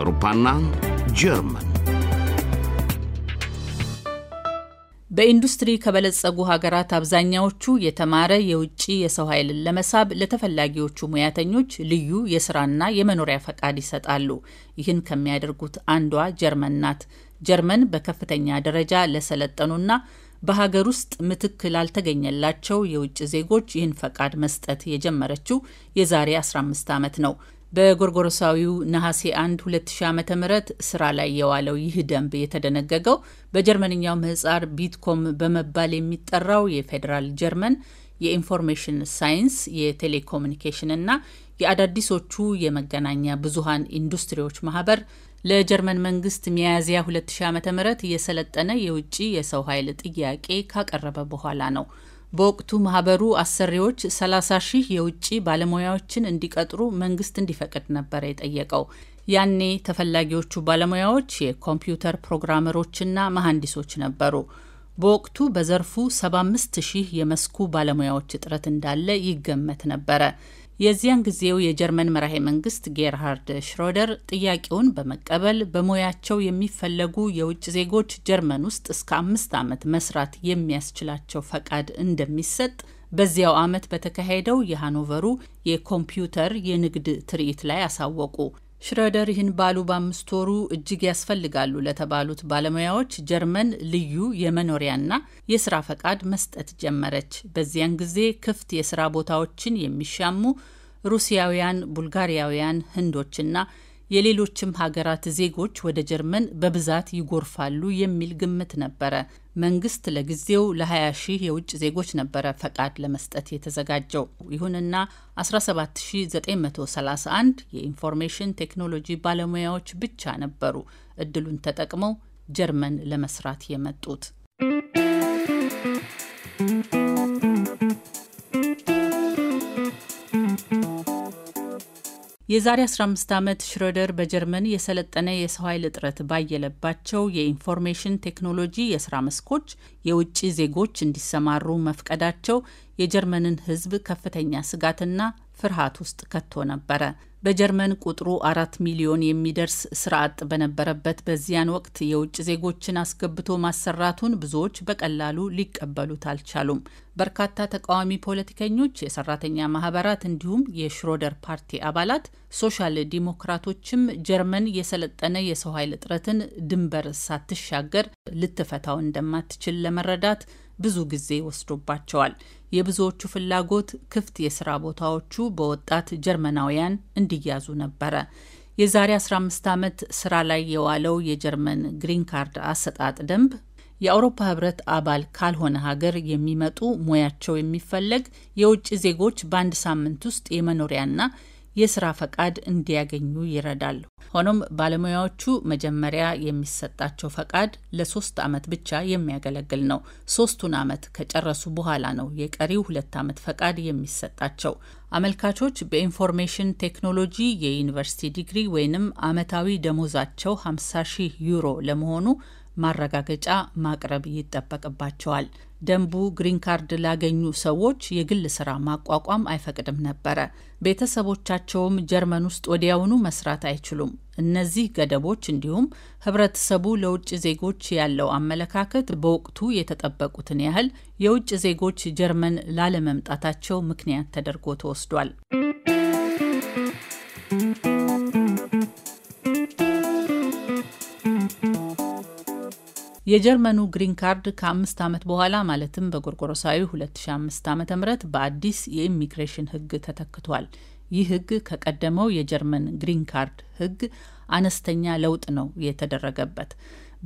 አውሮፓና ጀርመን በኢንዱስትሪ ከበለጸጉ ሀገራት አብዛኛዎቹ የተማረ የውጭ የሰው ኃይልን ለመሳብ ለተፈላጊዎቹ ሙያተኞች ልዩ የስራና የመኖሪያ ፈቃድ ይሰጣሉ። ይህን ከሚያደርጉት አንዷ ጀርመን ናት። ጀርመን በከፍተኛ ደረጃ ለሰለጠኑና በሀገር ውስጥ ምትክ ላልተገኘላቸው የውጭ ዜጎች ይህን ፈቃድ መስጠት የጀመረችው የዛሬ 15 ዓመት ነው። በጎርጎሮሳዊው ነሐሴ 1 2000 ዓ ም ስራ ላይ የዋለው ይህ ደንብ የተደነገገው በጀርመንኛው ምህጻር ቢትኮም በመባል የሚጠራው የፌዴራል ጀርመን የኢንፎርሜሽን ሳይንስ እና የአዳዲሶቹ የመገናኛ ብዙሃን ኢንዱስትሪዎች ማህበር ለጀርመን መንግስት ሚያዝያ 2000 ዓ.ም የሰለጠነ የውጭ የሰው ኃይል ጥያቄ ካቀረበ በኋላ ነው። በወቅቱ ማህበሩ አሰሪዎች 30 ሺህ የውጭ ባለሙያዎችን እንዲቀጥሩ መንግስት እንዲፈቅድ ነበር የጠየቀው። ያኔ ተፈላጊዎቹ ባለሙያዎች የኮምፒውተር ፕሮግራመሮችና መሐንዲሶች ነበሩ። በወቅቱ በዘርፉ 75 ሺህ የመስኩ ባለሙያዎች እጥረት እንዳለ ይገመት ነበረ። የዚያን ጊዜው የጀርመን መራሄ መንግስት ጌርሃርድ ሽሮደር ጥያቄውን በመቀበል በሙያቸው የሚፈለጉ የውጭ ዜጎች ጀርመን ውስጥ እስከ አምስት ዓመት መስራት የሚያስችላቸው ፈቃድ እንደሚሰጥ በዚያው ዓመት በተካሄደው የሃኖቨሩ የኮምፒውተር የንግድ ትርኢት ላይ አሳወቁ። ሽረደር ይህን ባሉ በአምስት ወሩ እጅግ ያስፈልጋሉ ለተባሉት ባለሙያዎች ጀርመን ልዩ የመኖሪያና የስራ ፈቃድ መስጠት ጀመረች። በዚያን ጊዜ ክፍት የስራ ቦታዎችን የሚሻሙ ሩሲያውያን፣ ቡልጋሪያውያን፣ ህንዶችና የሌሎችም ሀገራት ዜጎች ወደ ጀርመን በብዛት ይጎርፋሉ የሚል ግምት ነበረ። መንግስት ለጊዜው ለ20 ሺህ የውጭ ዜጎች ነበረ ፈቃድ ለመስጠት የተዘጋጀው። ይሁንና 17931 የኢንፎርሜሽን ቴክኖሎጂ ባለሙያዎች ብቻ ነበሩ እድሉን ተጠቅመው ጀርመን ለመስራት የመጡት። የዛሬ 15 ዓመት ሽሮደር በጀርመን የሰለጠነ የሰው ኃይል እጥረት ባየለባቸው የኢንፎርሜሽን ቴክኖሎጂ የስራ መስኮች የውጭ ዜጎች እንዲሰማሩ መፍቀዳቸው የጀርመንን ሕዝብ ከፍተኛ ስጋትና ፍርሃት ውስጥ ከቶ ነበረ። በጀርመን ቁጥሩ አራት ሚሊዮን የሚደርስ ስራ አጥ በነበረበት በዚያን ወቅት የውጭ ዜጎችን አስገብቶ ማሰራቱን ብዙዎች በቀላሉ ሊቀበሉት አልቻሉም። በርካታ ተቃዋሚ ፖለቲከኞች፣ የሰራተኛ ማህበራት እንዲሁም የሽሮደር ፓርቲ አባላት ሶሻል ዲሞክራቶችም ጀርመን የሰለጠነ የሰው ኃይል እጥረትን ድንበር ሳትሻገር ልትፈታው እንደማትችል ለመረዳት ብዙ ጊዜ ወስዶባቸዋል። የብዙዎቹ ፍላጎት ክፍት የስራ ቦታዎቹ በወጣት ጀርመናውያን እንዲያዙ ነበረ። የዛሬ 15 ዓመት ስራ ላይ የዋለው የጀርመን ግሪን ካርድ አሰጣጥ ደንብ የአውሮፓ ህብረት አባል ካልሆነ ሀገር የሚመጡ ሙያቸው የሚፈለግ የውጭ ዜጎች በአንድ ሳምንት ውስጥ የመኖሪያና የስራ ፈቃድ እንዲያገኙ ይረዳል። ሆኖም ባለሙያዎቹ መጀመሪያ የሚሰጣቸው ፈቃድ ለሶስት ዓመት ብቻ የሚያገለግል ነው። ሶስቱን ዓመት ከጨረሱ በኋላ ነው የቀሪው ሁለት ዓመት ፈቃድ የሚሰጣቸው። አመልካቾች በኢንፎርሜሽን ቴክኖሎጂ የዩኒቨርሲቲ ዲግሪ ወይንም ዓመታዊ ደሞዛቸው 50 ሺህ ዩሮ ለመሆኑ ማረጋገጫ ማቅረብ ይጠበቅባቸዋል። ደንቡ ግሪን ካርድ ላገኙ ሰዎች የግል ስራ ማቋቋም አይፈቅድም ነበረ። ቤተሰቦቻቸውም ጀርመን ውስጥ ወዲያውኑ መስራት አይችሉም። እነዚህ ገደቦች እንዲሁም ህብረተሰቡ ለውጭ ዜጎች ያለው አመለካከት በወቅቱ የተጠበቁትን ያህል የውጭ ዜጎች ጀርመን ላለመምጣታቸው ምክንያት ተደርጎ ተወስዷል። የጀርመኑ ግሪን ካርድ ከአምስት ዓመት በኋላ ማለትም በጎርጎሮሳዊ 2005 ዓ ም በአዲስ የኢሚግሬሽን ህግ ተተክቷል። ይህ ህግ ከቀደመው የጀርመን ግሪን ካርድ ህግ አነስተኛ ለውጥ ነው የተደረገበት።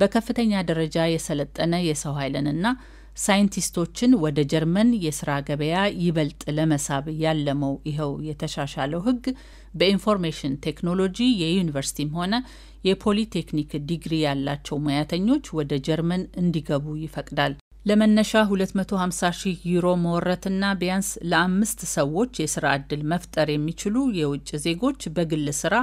በከፍተኛ ደረጃ የሰለጠነ የሰው ኃይልንና ሳይንቲስቶችን ወደ ጀርመን የስራ ገበያ ይበልጥ ለመሳብ ያለመው ይኸው የተሻሻለው ህግ በኢንፎርሜሽን ቴክኖሎጂ የዩኒቨርሲቲም ሆነ የፖሊቴክኒክ ዲግሪ ያላቸው ሙያተኞች ወደ ጀርመን እንዲገቡ ይፈቅዳል። ለመነሻ 250 ሺህ ዩሮ መወረትና ቢያንስ ለአምስት ሰዎች የስራ ዕድል መፍጠር የሚችሉ የውጭ ዜጎች በግል ስራ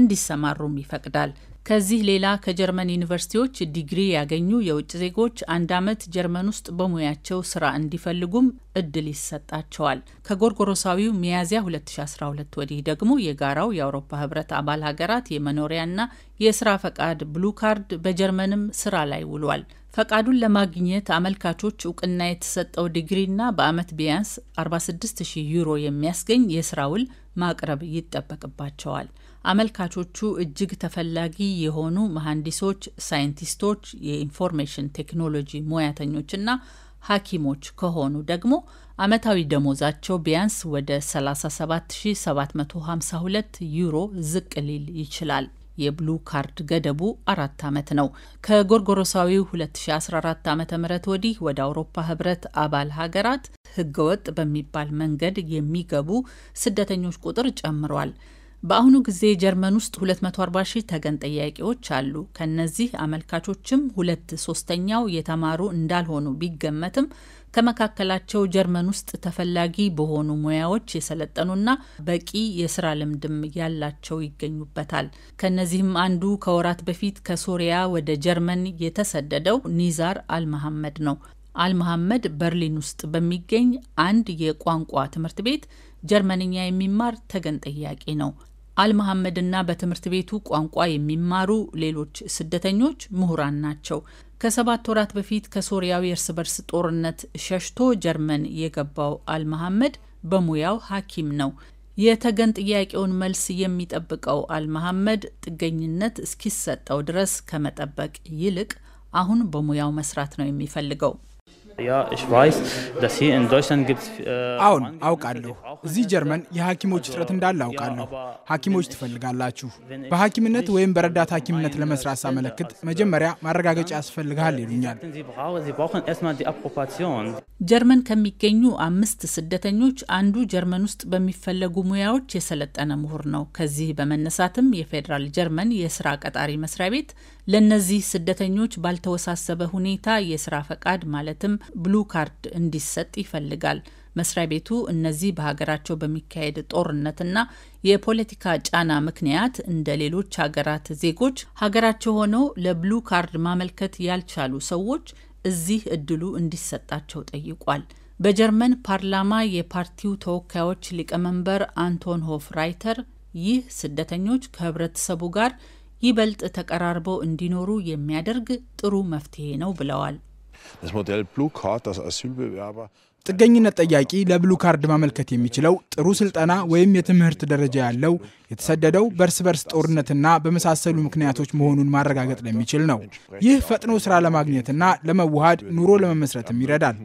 እንዲሰማሩም ይፈቅዳል። ከዚህ ሌላ ከጀርመን ዩኒቨርሲቲዎች ዲግሪ ያገኙ የውጭ ዜጎች አንድ ዓመት ጀርመን ውስጥ በሙያቸው ስራ እንዲፈልጉም እድል ይሰጣቸዋል። ከጎርጎሮሳዊው ሚያዝያ 2012 ወዲህ ደግሞ የጋራው የአውሮፓ ህብረት አባል ሀገራት የመኖሪያና የስራ ፈቃድ ብሉ ካርድ በጀርመንም ስራ ላይ ውሏል። ፈቃዱን ለማግኘት አመልካቾች እውቅና የተሰጠው ዲግሪና በአመት ቢያንስ 46000 ዩሮ የሚያስገኝ የስራ ውል ማቅረብ ይጠበቅባቸዋል። አመልካቾቹ እጅግ ተፈላጊ የሆኑ መሐንዲሶች፣ ሳይንቲስቶች፣ የኢንፎርሜሽን ቴክኖሎጂ ሙያተኞችና ሐኪሞች ከሆኑ ደግሞ አመታዊ ደሞዛቸው ቢያንስ ወደ 37752 ዩሮ ዝቅ ሊል ይችላል። የብሉ ካርድ ገደቡ አራት ዓመት ነው። ከጎርጎሮሳዊው 2014 ዓ ም ወዲህ ወደ አውሮፓ ህብረት አባል ሀገራት ህገወጥ በሚባል መንገድ የሚገቡ ስደተኞች ቁጥር ጨምሯል። በአሁኑ ጊዜ ጀርመን ውስጥ 240 ሺህ ተገን ጠያቂዎች አሉ። ከነዚህ አመልካቾችም ሁለት ሶስተኛው የተማሩ እንዳልሆኑ ቢገመትም ከመካከላቸው ጀርመን ውስጥ ተፈላጊ በሆኑ ሙያዎች የሰለጠኑና በቂ የስራ ልምድም ያላቸው ይገኙበታል። ከነዚህም አንዱ ከወራት በፊት ከሶሪያ ወደ ጀርመን የተሰደደው ኒዛር አልመሐመድ ነው። አልመሐመድ በርሊን ውስጥ በሚገኝ አንድ የቋንቋ ትምህርት ቤት ጀርመንኛ የሚማር ተገን ጠያቂ ነው። አልመሐመድና በትምህርት ቤቱ ቋንቋ የሚማሩ ሌሎች ስደተኞች ምሁራን ናቸው። ከሰባት ወራት በፊት ከሶሪያዊ እርስ በርስ ጦርነት ሸሽቶ ጀርመን የገባው አልመሐመድ በሙያው ሐኪም ነው። የተገን ጥያቄውን መልስ የሚጠብቀው አልመሐመድ ጥገኝነት እስኪሰጠው ድረስ ከመጠበቅ ይልቅ አሁን በሙያው መስራት ነው የሚፈልገው። Äh, አሁን አውቃለሁ። እዚህ ጀርመን የሐኪሞች እጥረት እንዳለ አውቃለሁ። ሐኪሞች ትፈልጋላችሁ። በሐኪምነት ወይም በረዳት ሐኪምነት ለመስራት ሳመለክት መጀመሪያ ማረጋገጫ ያስፈልግሃል äh, ይሉኛል። ጀርመን ከሚገኙ አምስት ስደተኞች አንዱ ጀርመን ውስጥ በሚፈለጉ ሙያዎች የሰለጠነ ምሁር ነው። ከዚህ በመነሳትም የፌዴራል ጀርመን የስራ ቀጣሪ መስሪያ ቤት ለእነዚህ ስደተኞች ባልተወሳሰበ ሁኔታ የስራ ፈቃድ ማለትም ብሉ ካርድ እንዲሰጥ ይፈልጋል። መስሪያ ቤቱ እነዚህ በሀገራቸው በሚካሄድ ጦርነትና የፖለቲካ ጫና ምክንያት እንደ ሌሎች ሀገራት ዜጎች ሀገራቸው ሆነው ለብሉ ካርድ ማመልከት ያልቻሉ ሰዎች እዚህ እድሉ እንዲሰጣቸው ጠይቋል። በጀርመን ፓርላማ የፓርቲው ተወካዮች ሊቀመንበር አንቶን ሆፍ ራይተር ይህ ስደተኞች ከህብረተሰቡ ጋር ይበልጥ ተቀራርበው እንዲኖሩ የሚያደርግ ጥሩ መፍትሄ ነው ብለዋል። ጥገኝነት ጠያቂ ለብሉ ካርድ ማመልከት የሚችለው ጥሩ ስልጠና ወይም የትምህርት ደረጃ ያለው የተሰደደው በእርስ በርስ ጦርነትና በመሳሰሉ ምክንያቶች መሆኑን ማረጋገጥ ለሚችል ነው። ይህ ፈጥኖ ስራ ለማግኘትና ለመዋሃድ ኑሮ ለመመስረትም ይረዳል።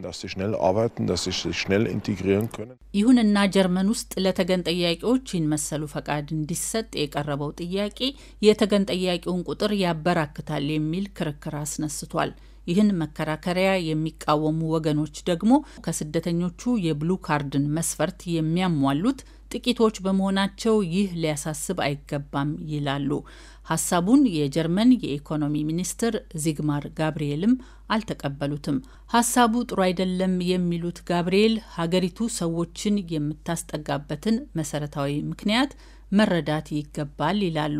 ይሁንና ጀርመን ውስጥ ለተገን ጠያቂዎች ይህን መሰሉ ፈቃድ እንዲሰጥ የቀረበው ጥያቄ የተገን ጠያቂውን ቁጥር ያበራክታል የሚል ክርክር አስነስቷል። ይህን መከራከሪያ የሚቃወሙ ወገኖች ደግሞ ከስደተኞቹ የብሉ ካርድን መስፈርት የሚያሟሉት ጥቂቶች በመሆናቸው ይህ ሊያሳስብ አይገባም ይላሉ። ሀሳቡን የጀርመን የኢኮኖሚ ሚኒስትር ዚግማር ጋብርኤልም አልተቀበሉትም። ሀሳቡ ጥሩ አይደለም የሚሉት ጋብርኤል ሀገሪቱ ሰዎችን የምታስጠጋበትን መሰረታዊ ምክንያት መረዳት ይገባል ይላሉ።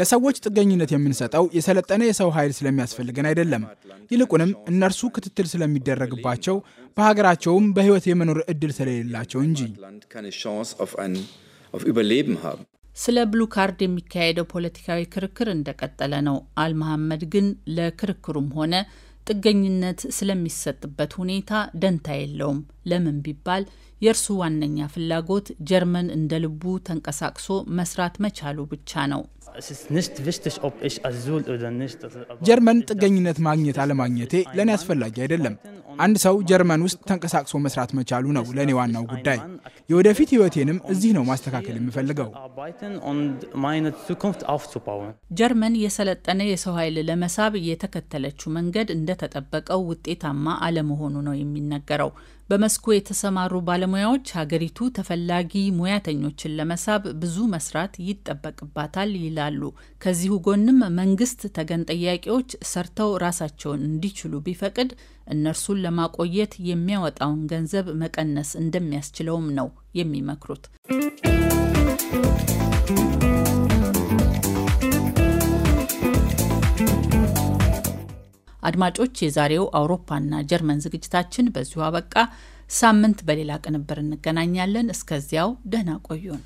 ለሰዎች ጥገኝነት የምንሰጠው የሰለጠነ የሰው ኃይል ስለሚያስፈልገን አይደለም። ይልቁንም እነርሱ ክትትል ስለሚደረግባቸው በሀገራቸውም በሕይወት የመኖር እድል ስለሌላቸው እንጂ። ስለ ብሉ ካርድ የሚካሄደው ፖለቲካዊ ክርክር እንደቀጠለ ነው። አልመሐመድ ግን ለክርክሩም ሆነ ጥገኝነት ስለሚሰጥበት ሁኔታ ደንታ የለውም። ለምን ቢባል የእርሱ ዋነኛ ፍላጎት ጀርመን እንደ ልቡ ተንቀሳቅሶ መስራት መቻሉ ብቻ ነው። ጀርመን ጥገኝነት ማግኘት አለማግኘቴ ለእኔ አስፈላጊ አይደለም። አንድ ሰው ጀርመን ውስጥ ተንቀሳቅሶ መስራት መቻሉ ነው ለእኔ ዋናው ጉዳይ። የወደፊት ህይወቴንም እዚህ ነው ማስተካከል የምፈልገው። ጀርመን የሰለጠነ የሰው ኃይል ለመሳብ የተከተለችው መንገድ እንደተጠበቀው ውጤታማ አለመሆኑ ነው የሚነገረው። በመስኩ የተሰማሩ ባለሙያዎች ሀገሪቱ ተፈላጊ ሙያተኞችን ለመሳብ ብዙ መስራት ይጠበቅባታል ይላሉ። ከዚሁ ጎንም መንግስት ተገን ጠያቂዎች ሰርተው ራሳቸውን እንዲችሉ ቢፈቅድ እነርሱን ለማቆየት የሚያወጣውን ገንዘብ መቀነስ እንደሚያስችለውም ነው የሚመክሩት። አድማጮች፣ የዛሬው አውሮፓና ጀርመን ዝግጅታችን በዚሁ አበቃ። ሳምንት በሌላ ቅንብር እንገናኛለን። እስከዚያው ደህና ቆዩን።